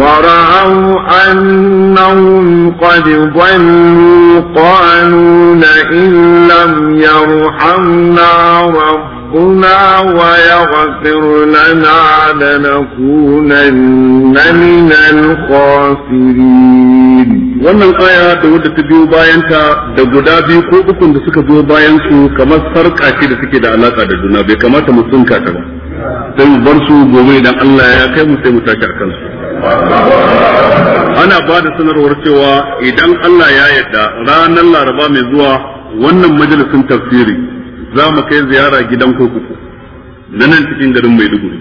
ورأوا أنهم قد ضلوا قالوا لئن لم يرحمنا ربنا ويغفر لنا لنكونن من الخاسرين wannan aya da wadda ta biyo bayanta da guda biyu ko ukun da suka biyo bayan su kamar sarƙa ce da suke da alaka da juna bai kamata mu sunka ta ba sai mu bar su gobe idan Allah ya kai mu sai mu tashi a kansu ana ba da sanarwar cewa idan Allah ya yarda ranar laraba mai zuwa wannan majalisun tafsiri za mu kai ziyara gidan kurkuku na nan cikin garin maiduguri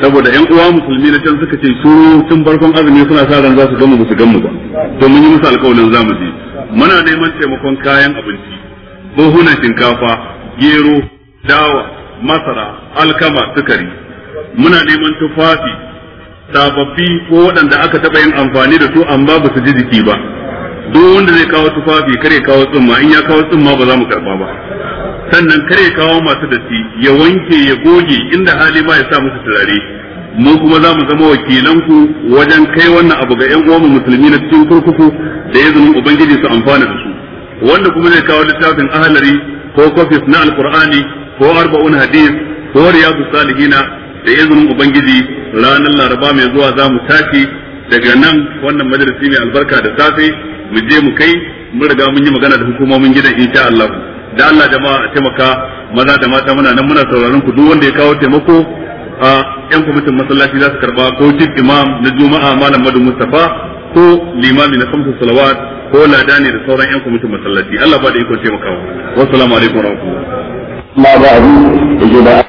saboda yan uwa musulmi na can suka ce su tun farkon azumi suna sa ran za su gama musu gamu ba to mun yi musu alƙawarin za mu je muna neman taimakon kayan abinci buhuna shinkafa gero dawa masara alkama sukari muna neman tufafi sababbi ko waɗanda aka taɓa yin amfani da su amma ba su ji jiki ba duk wanda zai kawo tufafi kare kawo tsumma in ya kawo tsumma ba za mu karba ba sannan kare kawo masu datti ya wanke ya goge inda hali ba ya sa musu turare mu kuma za mu zama wakilanku wajen kai wannan abu ga 'yan uwanmu musulmi na cikin kurkuku da ya zama ubangiji su amfana da su wanda kuma zai kawo littafin ahalari ko kofis na alkur'ani ko arba'un hadis ko riyadu salihina da izinin ubangiji ranar laraba mai zuwa za mu tashi daga nan wannan majalisi mai albarka da safe mu je mu kai mun riga mun yi magana da hukumomin gidan insha Allah da Allah jama'a a taimaka maza da mata muna nan muna sauraron ku duk wanda ya kawo taimako a yan kwamitin masallaci za su karba ko chief imam na juma'a malam madu mustafa ko limami na kamsu salawat ko lada ne da sauran yan kwamitin masallaci Allah ba da iko taimakawa wasu alaikum warahmatullahi